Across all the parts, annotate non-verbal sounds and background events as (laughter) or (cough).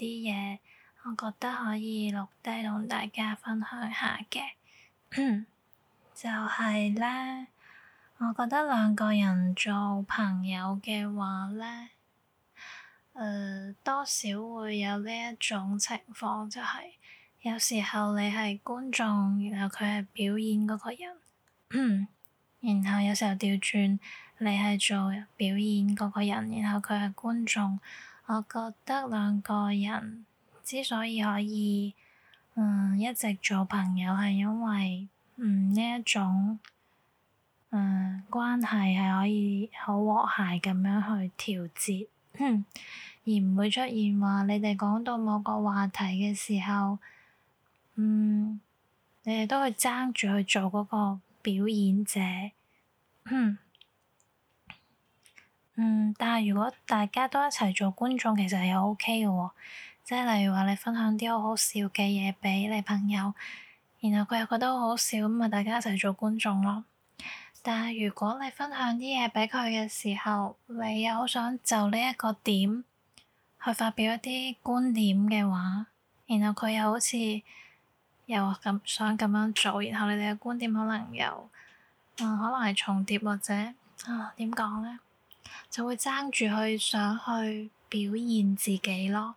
啲嘢，我覺得可以錄低同大家分享下嘅， (coughs) 就係、是、咧，我覺得兩個人做朋友嘅話咧，誒、呃、多少會有呢一種情況，就係、是、有時候你係觀眾，然後佢係表演嗰個人， (coughs) 然後有時候調轉你係做表演嗰個人，然後佢係觀眾。我覺得兩個人之所以可以，嗯一直做朋友係因為，嗯呢一種，誒、嗯、關係係可以好和諧咁樣去調節，而唔會出現話你哋講到某個話題嘅時候，嗯，你哋都會去爭住去做嗰個表演者。嗯，但係如果大家都一齊做觀眾，其實係 OK 嘅喎。即係例如話你分享啲好好笑嘅嘢俾你朋友，然後佢又覺得好好笑，咁咪大家一齊做觀眾咯。但係如果你分享啲嘢俾佢嘅時候，你又好想就呢一個點去發表一啲觀點嘅話，然後佢又好似又咁想咁樣做，然後你哋嘅觀點可能又嗯，可能係重疊或者啊，點講咧？就會爭住去想去表現自己咯。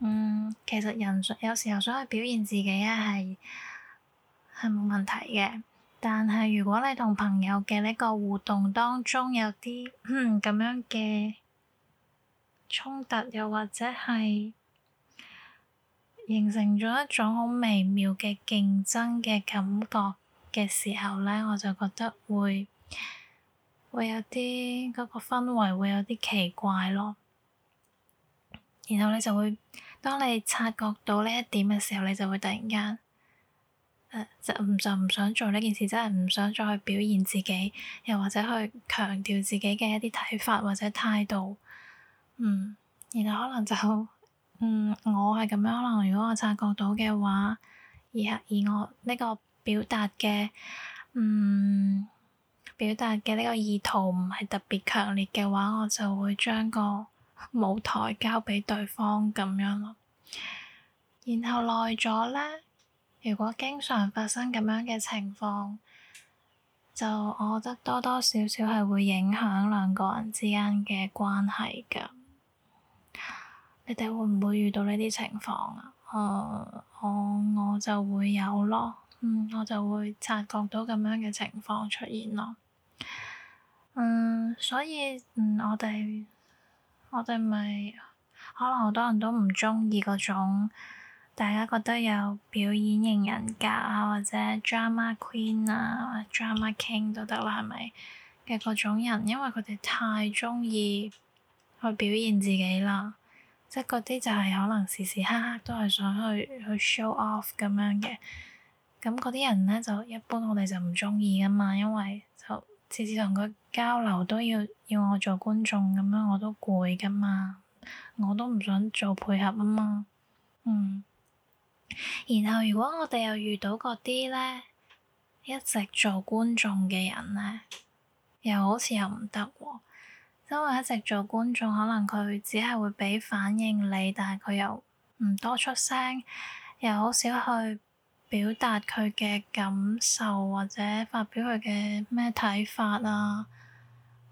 嗯，其實人有時候想去表現自己咧，係係冇問題嘅。但係如果你同朋友嘅呢個互動當中有啲咁、嗯、樣嘅衝突，又或者係形成咗一種好微妙嘅競爭嘅感覺嘅時候咧，我就覺得會。會有啲嗰個氛圍會有啲奇怪咯，然後你就會，當你察覺到呢一點嘅時候，你就會突然間、呃，就唔想做呢件事，真係唔想再去表現自己，又或者去強調自己嘅一啲睇法或者態度，嗯，然後可能就，嗯，我係咁樣，可能如果我察覺到嘅話，而而我呢個表達嘅，嗯。表達嘅呢個意圖唔係特別強烈嘅話，我就會將個舞台交畀對方咁樣咯。然後耐咗咧，如果經常發生咁樣嘅情況，就我覺得多多少少係會影響兩個人之間嘅關係㗎。你哋會唔會遇到呢啲情況啊？呃，我我就會有咯，嗯，我就會察覺到咁樣嘅情況出現咯。嗯，所以嗯，我哋我哋咪可能好多人都唔中意嗰種大家覺得有表演型人格啊，或者 drama queen 啊，或者 drama king 都得啦，係咪嘅嗰種人？因為佢哋太中意去表現自己啦，即係嗰啲就係可能時時刻刻都係想去去 show off 咁樣嘅。咁嗰啲人咧，就一般我哋就唔中意噶嘛，因為，次次同佢交流都要要我做觀眾，咁樣，我都攰㗎嘛，我都唔想做配合啊嘛，嗯。然後如果我哋又遇到嗰啲咧，一直做觀眾嘅人咧，又好似又唔得喎，因為一直做觀眾，可能佢只係會畀反應你，但係佢又唔多出聲，又好少去，表達佢嘅感受或者發表佢嘅咩睇法啊，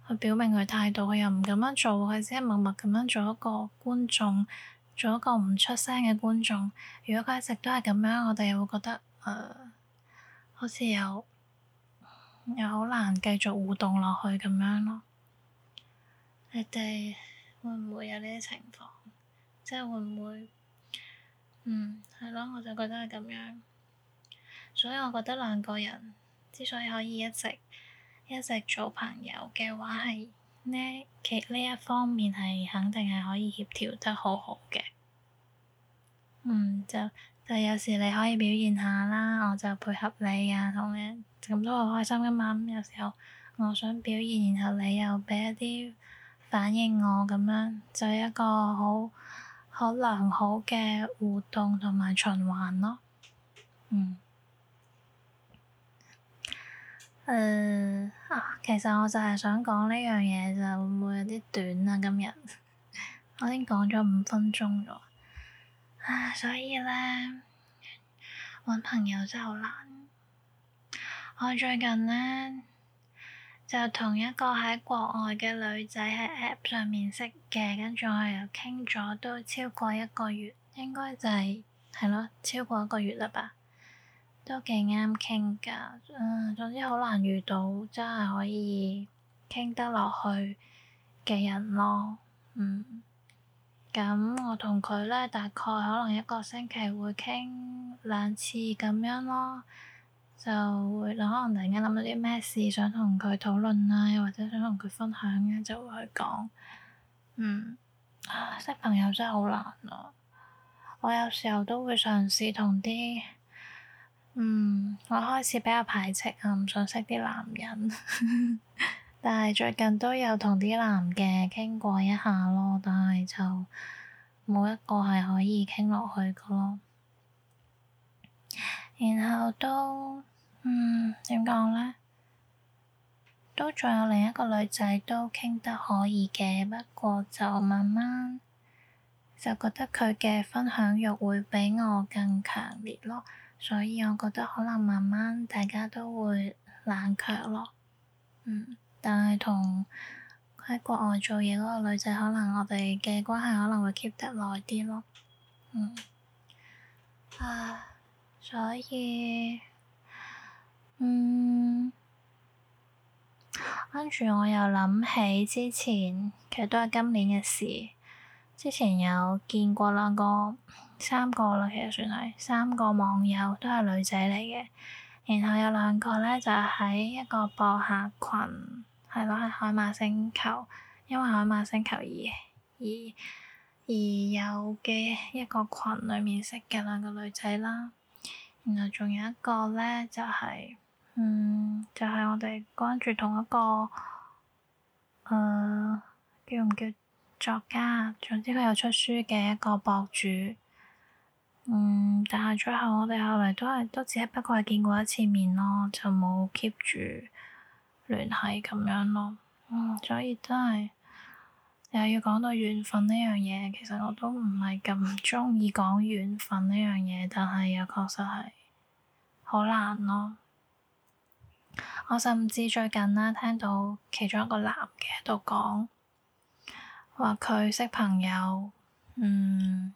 去表明佢態度，佢又唔咁樣做，佢只係默默咁樣做一個觀眾，做一個唔出聲嘅觀眾。如果佢一直都係咁樣，我哋又會覺得誒，好似又又好難繼續互動落去咁樣咯。你哋會唔會有呢啲情況？即係會唔會？嗯，係咯，我就覺得係咁樣。所以我覺得兩個人之所以可以一直一直做朋友嘅話，係呢其呢一方面係肯定係可以協調得好好嘅。嗯，就就有時你可以表現下啦，我就配合你啊，同你咁都好開心噶嘛。咁有時候我想表現，然後你又畀一啲反應我咁樣，就一個好好良好嘅互動同埋循環咯。嗯。誒、嗯、啊，其實我就係想講呢樣嘢咋，會唔會有啲短啊？今日我已經講咗五分鐘咗，啊，所以咧揾朋友真係好難。我最近咧就同一個喺國外嘅女仔喺 App 上面識嘅，跟住我又傾咗都超過一個月，應該就係係咯，超過一個月啦吧。都幾啱傾㗎，誒、嗯，總之好難遇到真係可以傾得落去嘅人咯，嗯。咁我同佢咧，大概可能一個星期會傾兩次咁樣咯，就會可能突然間諗到啲咩事想同佢討論啊，又或者想同佢分享咧、啊，就會去講。嗯，啊，識朋友真係好難啊！我有時候都會嘗試同啲。嗯，我開始比較排斥，我唔想識啲男人， (laughs) 但係最近都有同啲男嘅傾過一下咯，但係就冇一個係可以傾落去個咯。然後都，嗯，點講咧？都仲有另一個女仔都傾得可以嘅，不過就慢慢就覺得佢嘅分享欲會比我更強烈咯。所以我覺得可能慢慢大家都會冷卻咯。嗯，但係同喺國外做嘢嗰個女仔，可能我哋嘅關係可能會 keep 得耐啲咯。嗯。唉、啊，所以，嗯，跟住我又諗起之前，其實都係今年嘅事。之前有見過兩個。三個啦，其實算係三個網友，都係女仔嚟嘅。然後有兩個咧，就喺、是、一個博客群，係咯，喺《海馬星球》，因為海馬星球而而而有嘅一個群裏面識嘅兩個女仔啦。然後仲有一個咧，就係、是、嗯，就係、是、我哋關注同一個誒、呃、叫唔叫作家，總之佢有出書嘅一個博主。嗯，但係最後我哋後嚟都係都只係不過係見過一次面咯，就冇 keep 住聯繫咁樣咯。嗯，所以都係又要講到緣分呢樣嘢，其實我都唔係咁鍾意講緣分呢樣嘢，但係又確實係好難咯。我甚至最近呢聽到其中一個男嘅喺度講，話佢識朋友，嗯。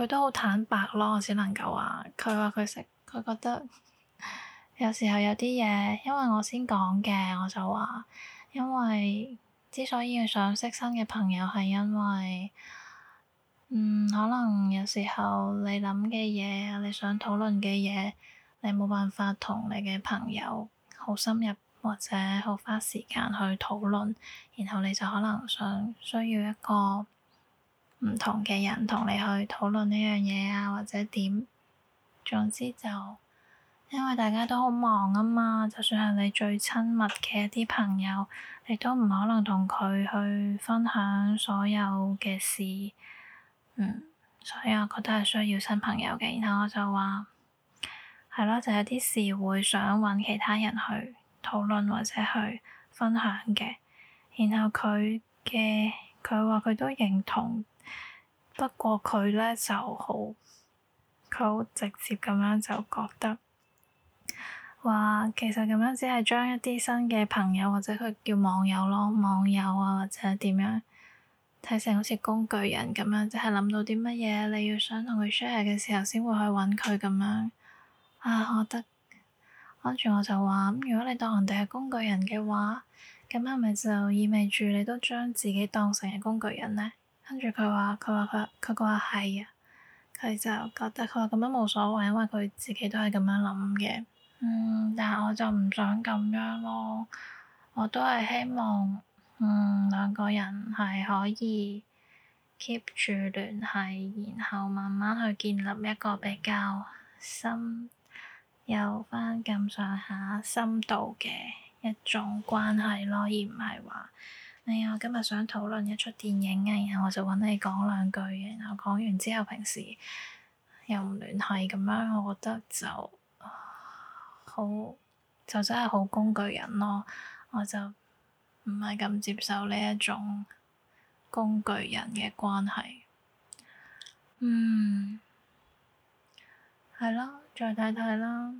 佢都好坦白咯，我只能夠話，佢話佢識，佢覺得有時候有啲嘢，因為我先講嘅，我就話，因為之所以要想識新嘅朋友，係因為，嗯，可能有時候你諗嘅嘢，你想討論嘅嘢，你冇辦法同你嘅朋友好深入或者好花時間去討論，然後你就可能想需要一個。唔同嘅人同你去討論呢樣嘢啊，或者點，總之就因為大家都好忙啊嘛，就算係你最親密嘅一啲朋友，你都唔可能同佢去分享所有嘅事，嗯，所以我覺得係需要新朋友嘅，然後我就話，係咯，就有啲事會想搵其他人去討論或者去分享嘅，然後佢嘅。佢話佢都認同，不過佢咧就好，佢好直接咁樣就覺得，話其實咁樣只係將一啲新嘅朋友或者佢叫網友咯，網友啊或者點樣，睇成好似工具人咁樣，即係諗到啲乜嘢你要想同佢 share 嘅時候，先會去揾佢咁樣。啊，我得，跟住我就話咁，如果你當人哋係工具人嘅話，咁係咪就意味住你都將自己當成嘅工具人呢？跟住佢話，佢話佢佢話係啊！佢就覺得佢話咁樣冇所謂，因為佢自己都係咁樣諗嘅。嗯，但係我就唔想咁樣咯。我都係希望，嗯，兩個人係可以 keep 住聯繫，然後慢慢去建立一個比較深有返咁上下深度嘅，一種關係咯，而唔係話，哎呀，我今日想討論一出電影啊，然後我就揾你講兩句，然後講完之後平時又唔聯繫咁樣，我覺得就好，就真係好工具人咯，我就唔係咁接受呢一種工具人嘅關係。嗯，係咯，再睇睇啦。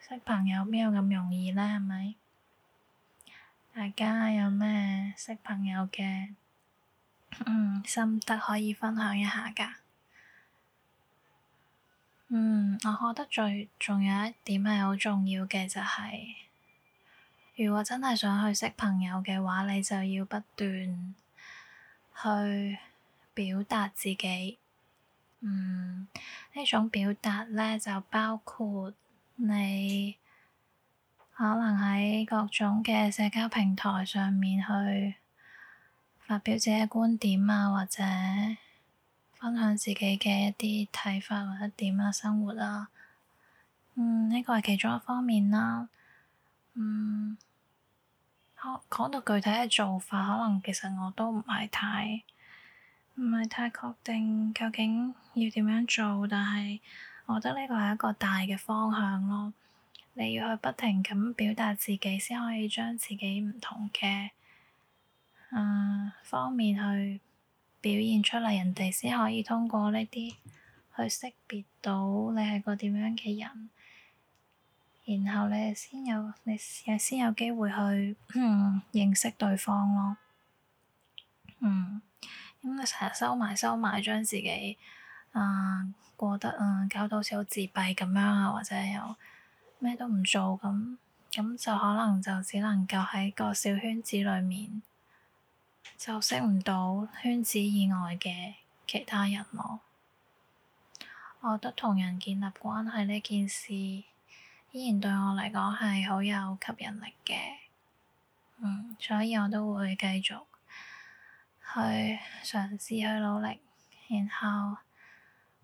識朋友邊有咁容易咧？係咪？大家有咩識朋友嘅、嗯、心得可以分享一下㗎？嗯，我覺得最重要一點係好重要嘅就係、是，如果真係想去識朋友嘅話，你就要不斷去表達自己。嗯，呢種表達咧就包括你，可能喺各種嘅社交平台上面去發表自己嘅觀點啊，或者分享自己嘅一啲睇法或者點啊生活啦、啊。嗯，呢個係其中一方面啦。嗯，講到具體嘅做法，可能其實我都唔係太唔係太確定究竟要點樣做，但係我覺得呢個係一個大嘅方向咯。你要去不停咁表達自己，先可以將自己唔同嘅嗯、呃、方面去表現出嚟，人哋先可以通過呢啲去識別到你係個點樣嘅人，然後你先有你先有機會去認識對方咯。嗯，咁你成日收埋收埋，將自己啊、呃、過得啊、嗯、搞到好似好自閉咁樣啊，或者有。咩都唔做咁，咁就可能就只能夠喺個小圈子裏面，就識唔到圈子以外嘅其他人咯。我覺得同人建立關係呢件事，依然對我嚟講係好有吸引力嘅。嗯，所以我都會繼續去嘗試去努力，然後，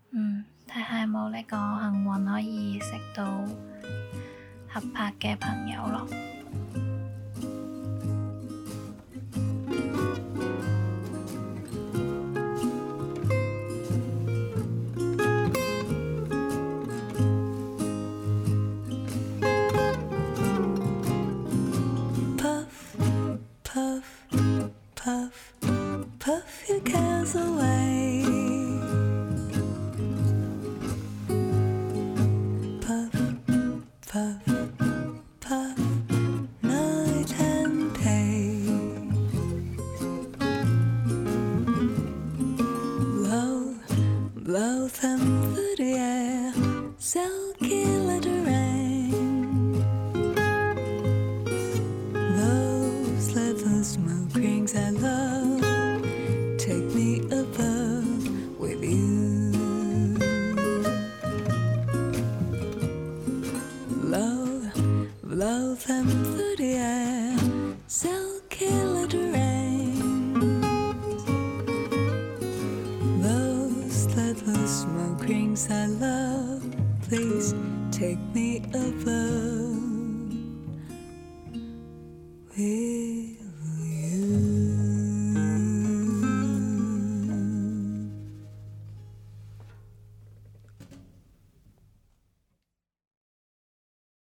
嗯，睇下有冇呢個幸運可以識到。合拍嘅朋友咯～